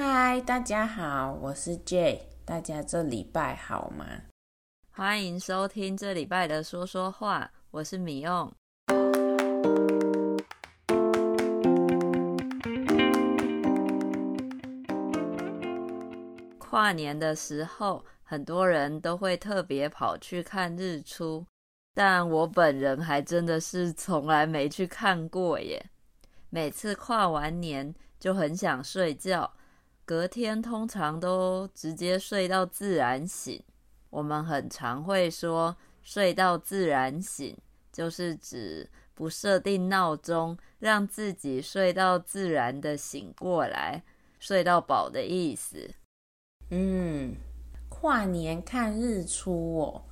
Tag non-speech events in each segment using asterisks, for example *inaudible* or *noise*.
嗨，大家好，我是 Jay。大家這禮拜好嗎？歡迎收聽這禮拜的說說話，我是米用。跨年的時候，很多人都會特別跑去看日出，但我本人還真的是從來沒去看過耶。每次跨完年就很想睡覺。隔天通常都直接睡到自然醒。我們很常會說“睡到自然醒”，就是指不設定鬧鐘，讓自己睡到自然的醒過來，睡到飽的意思。嗯，跨年看日出哦，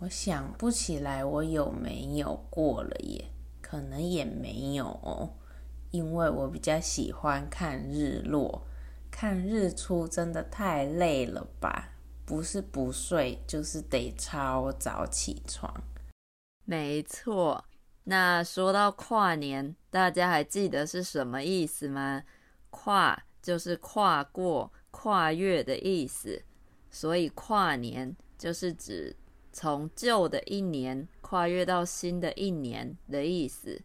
我想不起來我有沒有過了耶？可能也沒有哦，因為我比較喜歡看日落。看日出真的太累了吧！不是不睡，就是得超早起床。沒錯，那說到跨年，大家還記得是什麼意思嗎？“跨”就是跨過、跨越的意思，所以跨年就是指從舊的一年跨越到新的一年的意思，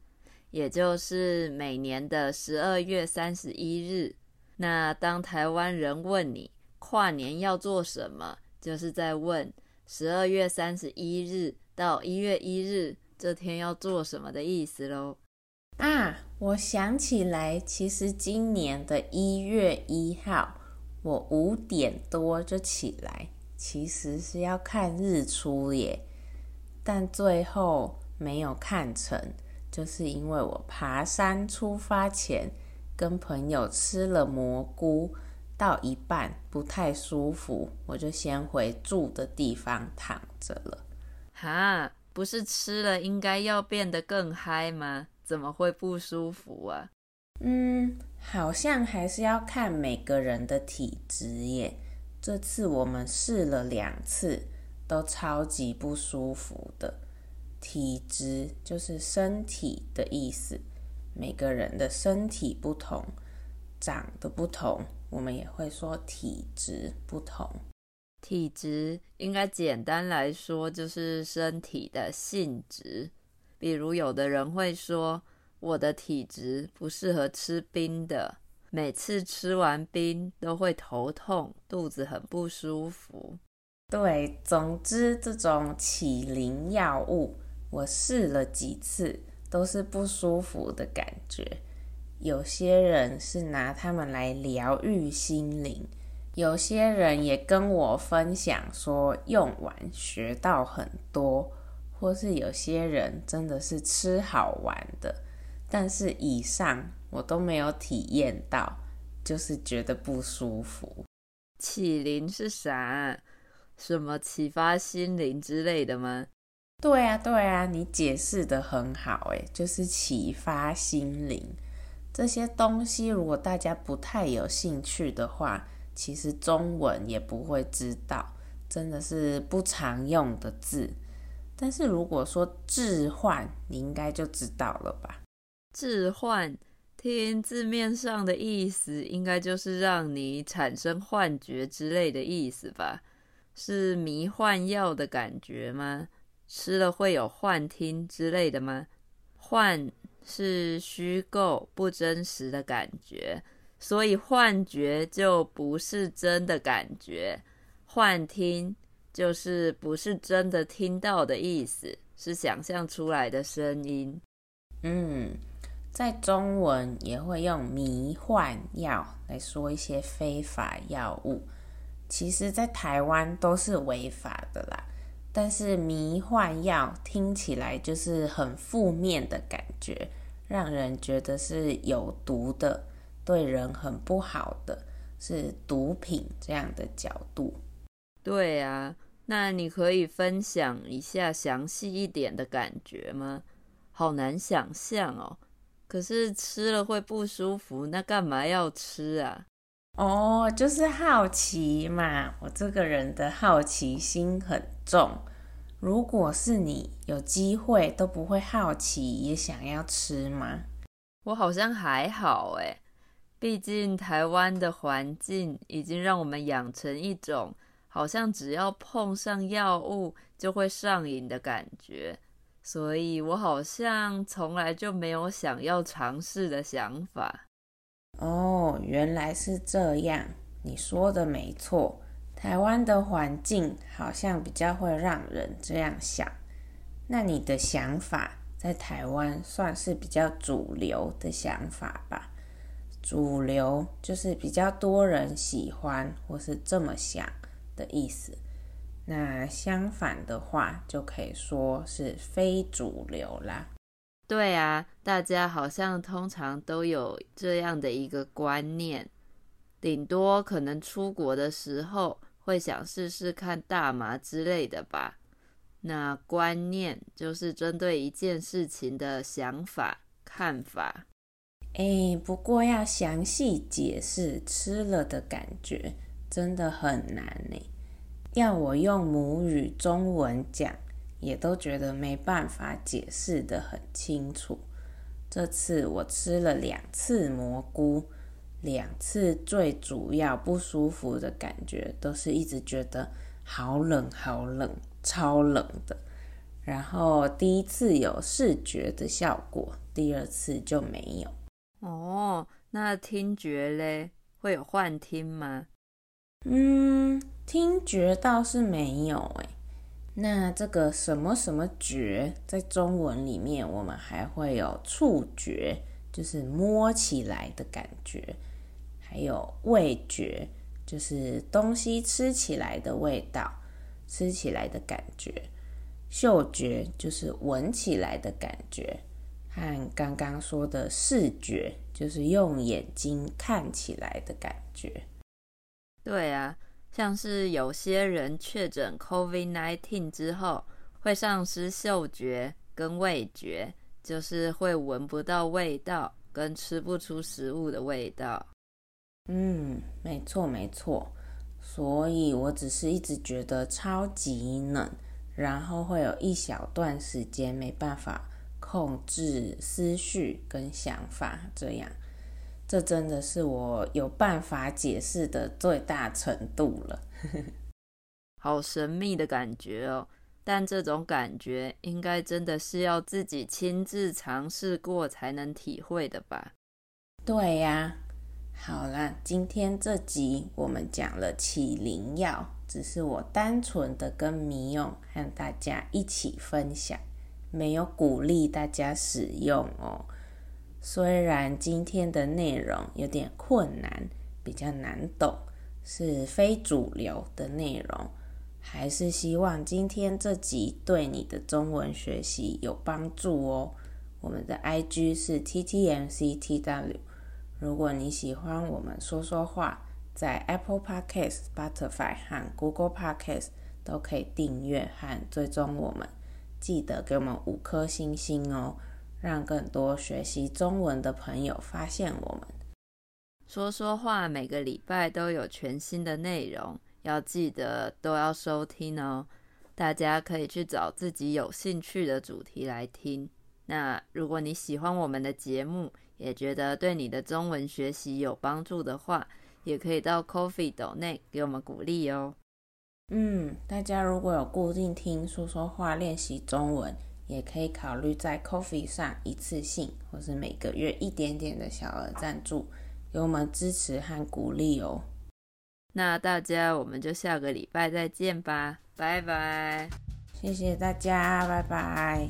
也就是每年的十二月三十一日。那當台灣人問你跨年要做什麼，就是在問十二月三十一日到一月一日這天要做什麼的意思嘍。啊，我想起來，其實今年的一月一號，我五點多就起來，其實是要看日出耶，但最後沒有看成，就是因為我爬山出發前。跟朋友吃了蘑菇，到一半不太舒服，我就先回住的地方躺着了。哈，不是吃了應該要變得更嗨嗎？怎麼會不舒服啊？嗯，好像還是要看每個人的體質耶。這次我們試了兩次，都超級不舒服的。體質就是身體的意思。每個人的身體不同，長得不同，我們也會說體質不同。體質應該簡單來說就是身體的性質。比如有的人會說，我的體質不適合吃冰的，每次吃完冰都會頭痛，肚子很不舒服。對，總之這種啟靈藥物，我試了幾次。都是不舒服的感覺，有些人是拿他們來療癒心靈，有些人也跟我分享說用完學到很多，或是有些人真的是吃好玩的，但是以上我都沒有體驗到，就是覺得不舒服。啟靈是啥？什麼啟發心靈之類的嗎？對啊，對啊，你解釋得很好，誒，就是啟發心靈這些東西。如果大家不太有興趣的話，其實中文也不會知道，真的是不常用的字。但是如果說致幻，你應該就知道了吧？致幻，聽字面上的意思，應該就是讓你產生幻覺之類的意思吧？是迷幻藥的感覺嗎？吃了會有幻聽之類的嗎？幻是虛構、不真實的感覺，所以幻覺就不是真的感覺。幻聽就是不是真的聽到的意思，是想象出來的聲音。嗯，在中文也會用迷幻藥來說一些非法藥物。其實在台灣都是違法的啦。但是迷幻藥聽起來就是很負面的感覺，讓人覺得是有毒的，對人很不好的，是毒品這樣的角度。對啊，那你可以分享一下詳細一點的感覺嗎？好難想象哦。可是吃了會不舒服，那幹嘛要吃啊？哦，就是好奇嘛。我這個人的好奇心很。如果，是你有機會都不會好奇也想要吃嗎？我好像還好誒、欸，畢竟台灣的環境已經讓我們養成一種好像只要碰上藥物就會上癮的感覺，所以我好像從來就沒有想要嘗試的想法。哦，原來是這樣，你說的沒錯。台灣的環境好像比較會讓人這樣想，那你的想法在台灣算是比較主流的想法吧？主流就是比較多人喜歡或是這麼想的意思。那相反的話就可以說是非主流啦。對啊，大家好像通常都有這樣的一個觀念，頂多可能出國的時候。會想試試看大麻之類的吧？那觀念就是針對一件事情的想法、看法。哎、欸，不過要詳細解釋吃了的感覺，真的很難呢、欸。要我用母語中文講，也都覺得沒辦法解釋得很清楚。這次我吃了兩次蘑菇。兩次最主要不舒服的感覺都是一直覺得好冷好冷，超冷的。然後第一次有視覺的效果，第二次就沒有。哦，那聽覺呢，會有幻聽嗎？嗯，聽覺倒是沒有欸。那這個什麼什麼覺，在中文裡面我們還會有觸覺，就是摸起來的感覺。還有味覺，就是東西吃起來的味道，吃起來的感覺；嗅覺就是聞起來的感覺，和剛剛說的視覺，就是用眼睛看起來的感覺。對啊，像是有些人確診 COVID-19 之後，會喪失嗅覺跟味覺，就是會聞不到味道，跟吃不出食物的味道。嗯，沒錯沒錯，所以我只是一直覺得超級冷，然後會有一小段時間沒辦法控制思緒跟想法，這樣，這真的是我有辦法解釋的最大程度了。 *laughs* 好神秘的感覺哦，但這種感覺應該真的是要自己親自嘗試過才能體會的吧？對呀、啊。好啦，今天這集我們講了啟靈藥，只是我單純的跟迷用，和大家一起分享，沒有鼓勵大家使用哦。雖然今天的內容有點困難，比較難懂，是非主流的內容，還是希望今天這集對你的中文學習有幫助哦。我們的 IG 是 ttmctw。如果你喜歡我們說說話，在 Apple Podcasts、Spotify 和 Google Podcasts 都可以訂閱和追蹤我們。記得給我們五顆星星哦，讓更多學習中文的朋友發現我們說說話。每個禮拜都有全新的內容，要記得都要收聽哦。大家可以去找自己有興趣的主題來聽。那如果你喜歡我們的節目，也覺得對你的中文學習有幫助的話，也可以到 Ko-fi 斗內給我們鼓勵哦。嗯，大家如果有固定聽說說話練習中文，也可以考慮在 Ko-fi 上一次性或是每個月一點點的小額贊助，給我們支持和鼓勵哦。那大家我們就下個禮拜再見吧，拜拜！謝謝大家，拜拜。